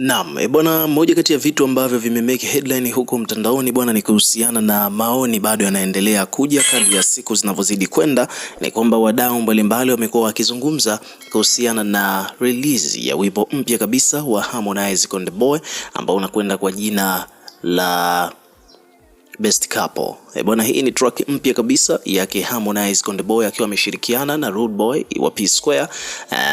Naam, eh, bwana, moja kati ya vitu ambavyo vimemake headline huko mtandaoni bwana, ni kuhusiana na maoni bado yanaendelea kuja kadri ya siku zinavyozidi kwenda, ni kwamba wadau mbalimbali wamekuwa wakizungumza kuhusiana na release ya wimbo mpya kabisa wa Harmonize Konde Boy ambao unakwenda kwa jina la Best Couple. E bwana, hii ni track mpya kabisa yake Harmonize Konde Boy akiwa ameshirikiana na Rude Boy wa P Square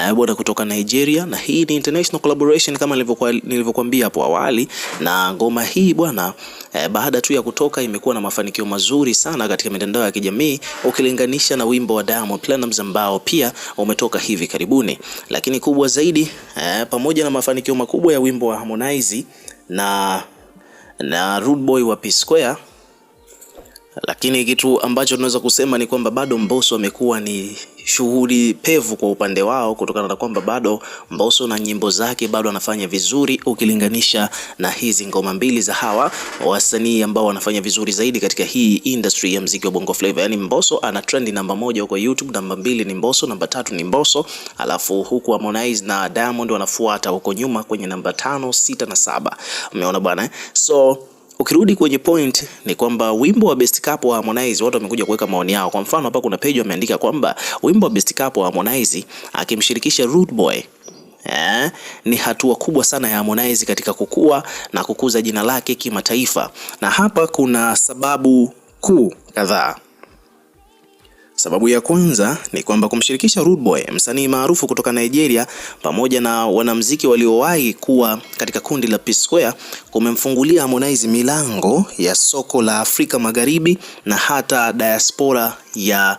e bwana, kutoka Nigeria, na hii ni international collaboration kama nilivyokuambia hapo awali. Na ngoma hii bwana e, baada tu ya kutoka imekuwa na mafanikio mazuri sana katika mitandao ya kijamii ukilinganisha na wimbo wa Diamond Platnumz ambao pia umetoka hivi karibuni, lakini kubwa zaidi e, pamoja na mafanikio makubwa ya wimbo wa Harmonize na na Rude Boy wa P Square, lakini kitu ambacho tunaweza kusema ni kwamba bado Mbosso amekuwa ni shughuli pevu kwa upande wao, kutokana na kwamba bado Mbosso na nyimbo zake bado anafanya vizuri ukilinganisha na hizi ngoma mbili za hawa wasanii ambao wanafanya vizuri zaidi katika hii industry ya mziki wa Bongo Flava. Yani Mbosso ana trend namba moja huko YouTube, namba mbili ni Mbosso, namba tatu ni Mbosso, alafu huku Harmonize na Diamond wanafuata huko nyuma kwenye namba tano, sita na saba. Umeona bwana, eh? so Ukirudi kwenye point ni kwamba wimbo wa best Cup wa Harmonize watu wamekuja kuweka maoni yao. Kwa mfano hapa kuna page wameandika kwamba wimbo wa best Cup wa Harmonize akimshirikisha Rude Boy Eh, ni hatua kubwa sana ya Harmonize katika kukua na kukuza jina lake kimataifa, na hapa kuna sababu kuu kadhaa. Sababu ya kwanza ni kwamba kumshirikisha Rude Boy, msanii maarufu kutoka Nigeria, pamoja na wanamuziki waliowahi kuwa katika kundi la P Square kumemfungulia Harmonize milango ya soko la Afrika Magharibi na hata diaspora ya,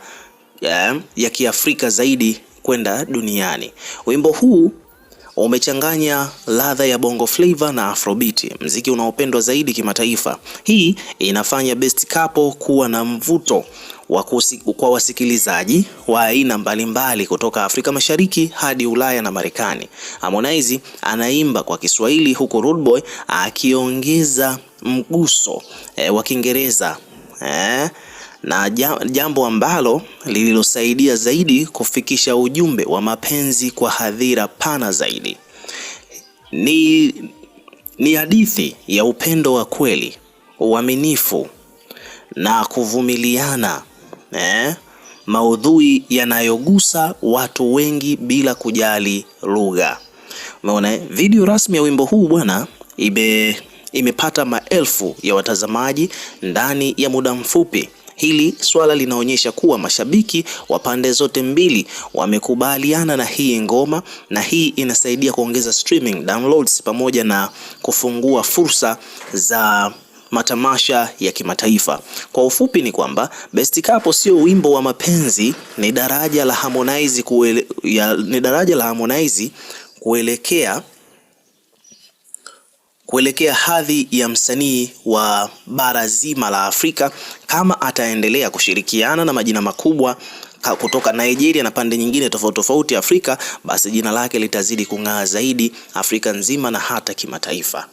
ya, eh, ya Kiafrika zaidi kwenda duniani. Wimbo huu umechanganya ladha ya bongo flava na afrobeat, mziki unaopendwa zaidi kimataifa. Hii inafanya Best Couple kuwa na mvuto kwa wasikilizaji wa aina mbalimbali kutoka Afrika Mashariki hadi Ulaya na Marekani. Harmonize anaimba kwa Kiswahili huku Rude akiongeza mguso e, wa Kiingereza e, na jambo ambalo lililosaidia zaidi kufikisha ujumbe wa mapenzi kwa hadhira pana zaidi. Ni, ni hadithi ya upendo wa kweli, uaminifu na kuvumiliana eh, maudhui yanayogusa watu wengi bila kujali lugha. Umeona eh? video rasmi ya wimbo huu bwana ibe imepata maelfu ya watazamaji ndani ya muda mfupi. Hili swala linaonyesha kuwa mashabiki wa pande zote mbili wamekubaliana na hii ngoma, na hii inasaidia kuongeza streaming downloads pamoja na kufungua fursa za matamasha ya kimataifa. Kwa ufupi ni kwamba Best Couple sio wimbo wa mapenzi, ni daraja la Harmonize kuele, ya, ni daraja la Harmonize kuelekea kuelekea hadhi ya msanii wa bara zima la Afrika kama ataendelea kushirikiana na majina makubwa kutoka Nigeria na pande nyingine tofauti tofauti Afrika, basi jina lake litazidi kung'aa zaidi Afrika nzima na hata kimataifa.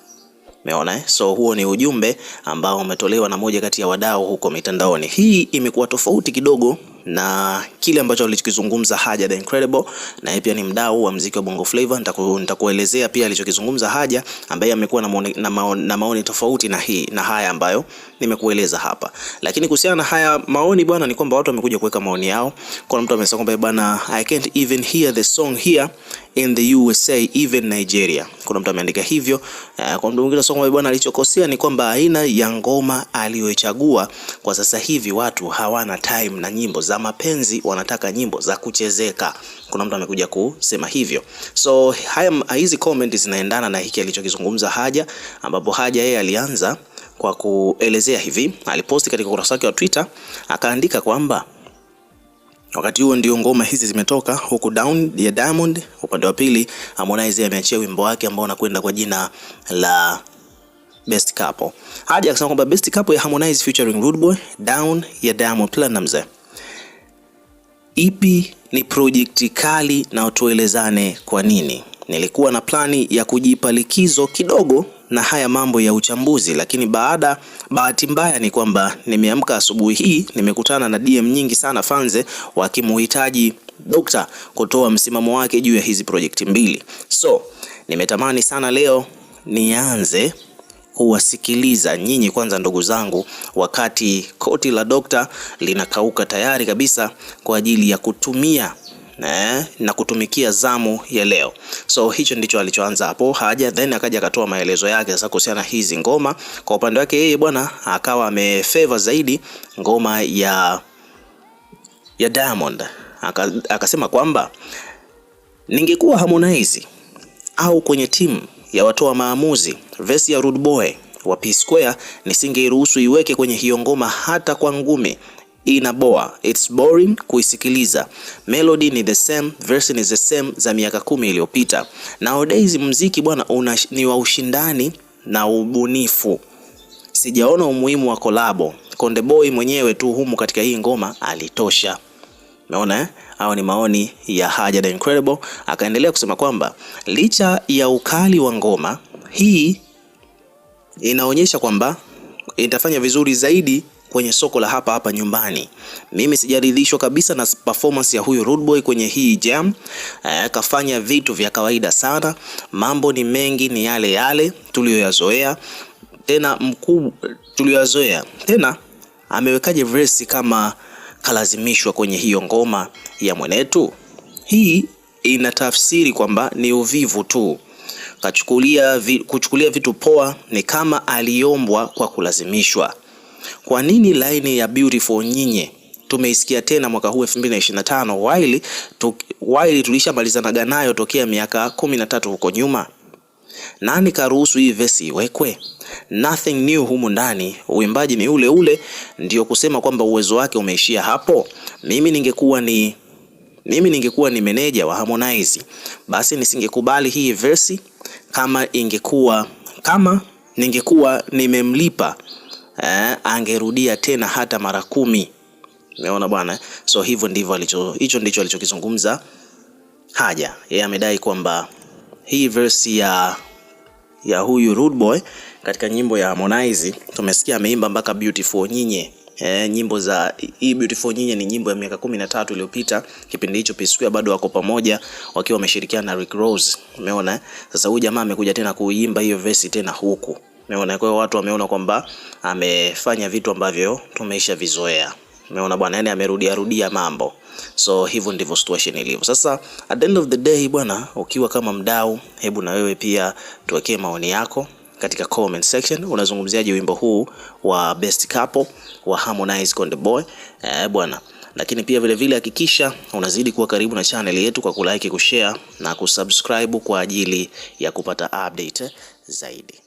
Umeona eh? So huo ni ujumbe ambao umetolewa na moja kati ya wadau huko mitandaoni. Hii imekuwa tofauti kidogo na kile ambacho alichokizungumza Haja the Incredible, na yeye pia ni mdau wa mziki wa Bongo Flava. Nitakuelezea pia alichokizungumza Haja ambaye amekuwa na maoni, na maoni, na maoni tofauti na hii na haya ambayo nimekueleza hapa. Lakini kuhusiana na haya maoni bwana, ni kwamba watu wamekuja kuweka maoni yao. Kuna mtu amesema kwamba bwana, I can't even hear the song here in the USA even Nigeria. Kuna mtu ameandika hivyo. Eh, kwa mtu mwingine sasa, bwana alichokosea ni kwamba aina ya ngoma aliyoichagua. Kwa sasa hivi watu hawana time na nyimbo za mapenzi, wanataka nyimbo za kuchezeka. Kuna mtu amekuja kusema hivyo. So haya hizi comment zinaendana na hiki alichokizungumza Haja, ambapo Haja yeye alianza kwa kuelezea hivi, aliposti katika ukurasa wake wa Twitter akaandika kwamba Wakati huo ndio ngoma hizi zimetoka huku down ya Diamond. Upande wa pili Harmonize ameachia wimbo wake ambao unakwenda kwa jina la Best Couple. Haja akasema kwamba Best Couple ya Harmonize featuring Rude Boy, down ya Diamond Platnumz. Ipi e ni projekti kali na tuelezane kwa nini? Nilikuwa na plani ya kujipa likizo kidogo na haya mambo ya uchambuzi, lakini baada bahati mbaya ni kwamba nimeamka asubuhi hii nimekutana na DM nyingi sana fanze wakimuhitaji Dokta kutoa msimamo wake juu ya hizi projekti mbili. So nimetamani sana leo nianze kuwasikiliza nyinyi kwanza, ndugu zangu, wakati koti la Dokta linakauka tayari kabisa kwa ajili ya kutumia eh, na kutumikia zamu ya leo. So hicho ndicho alichoanza hapo Haja, then akaja akatoa maelezo yake sasa kuhusiana hizi ngoma. Kwa upande wake yeye bwana akawa amefavor zaidi ngoma ya ya Diamond, akasema kwamba ningekuwa Harmonize au kwenye timu ya watoa maamuzi, vesi ya Rude Boy wa P Square nisingeiruhusu iweke kwenye hiyo ngoma hata kwa ngumi, inaboa, it's boring kuisikiliza. Melody ni the same, verse ni the same za miaka kumi iliyopita. Nowadays mziki bwana ni wa ushindani na ubunifu. Sijaona umuhimu wa kolabo. Konde Boy mwenyewe tu humu katika hii ngoma alitosha. Umeona eh? Hao ni maoni ya Haja the Incredible. Akaendelea kusema kwamba licha ya ukali wa ngoma hii inaonyesha kwamba itafanya vizuri zaidi kwenye soko la hapa hapa nyumbani. Mimi sijaridhishwa kabisa na performance ya huyu Rude Boy kwenye hii jam. E, kafanya vitu vya kawaida sana, mambo ni mengi, ni yale yale tuliyoyazoea tena mkubwa tuliyoyazoea tena. Amewekaje verse kama kalazimishwa kwenye hiyo ngoma ya mwenetu? Hii ina tafsiri kwamba ni uvivu tu kachukulia, kuchukulia vitu poa, ni kama aliombwa kwa kulazimishwa. Kwa nini laini ya Beautiful nyinyi tumeisikia tena mwaka huu 2025 while while tulishamalizanaga nayo tokea miaka kumi na tatu huko nyuma? Nani karuhusu hii vesi iwekwe? Nothing new humu ndani, uimbaji ni ule ule. ndio kusema kwamba uwezo wake umeishia hapo. Mimi ningekuwa ni mimi ningekuwa ni meneja wa Harmonize, basi nisingekubali hii vesi kama ingekuwa kama ningekuwa nimemlipa eh, angerudia tena hata mara kumi. Umeona bwana, so hivyo ndivyo alicho, hicho ndicho alichokizungumza Haja. Yeye amedai kwamba hii verse ya ya huyu Rude Boy katika nyimbo ya Harmonize tumesikia ameimba mpaka beautiful nyinye E, eh, nyimbo za hii Beautiful Nyinyi ni nyimbo ya miaka kumi na tatu iliyopita. Kipindi hicho P bado wako pamoja wakiwa wameshirikiana na Rick Ross, umeona. Sasa huyu jamaa amekuja tena kuimba hiyo verse tena huku Umeona, kwa hiyo watu wameona kwamba amefanya vitu ambavyo tumeisha vizoea. Umeona bwana, yani amerudia rudia mambo. So hivyo ndivyo situation ilivyo. Sasa at the end of the day bwana, ukiwa kama mdau, hebu na wewe pia tuwekee maoni yako katika comment section. Unazungumziaje wimbo huu wa best couple wa Harmonize Konde Boy eh, bwana lakini pia vile vile hakikisha unazidi kuwa karibu na channel yetu kwa kulike, kushare na kusubscribe kwa ajili ya kupata update zaidi.